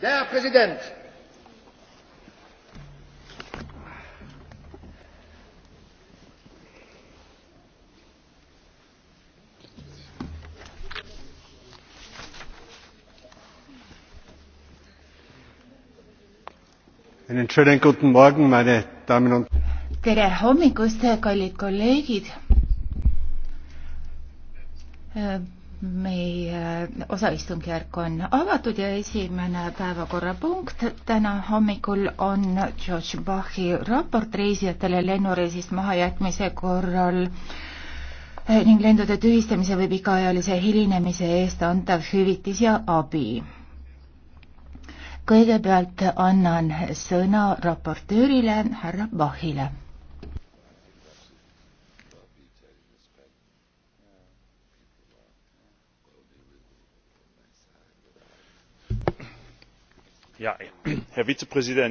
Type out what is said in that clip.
Der Präsident! Einen schönen guten Morgen, meine Damen und tere hommikust, kallid kolleegid! Äh, meie äh, osaistungjärk on avatud ja esimene päevakorrapunkt täna hommikul on George Bachi raport reisijatele lennureisist mahajätmise korral äh, ning lendude tühistamise või pikaajalise hilinemise eest antav hüvitis ja abi. kõigepealt annan sõna raportöörile härra Bachile herr vizepräsident!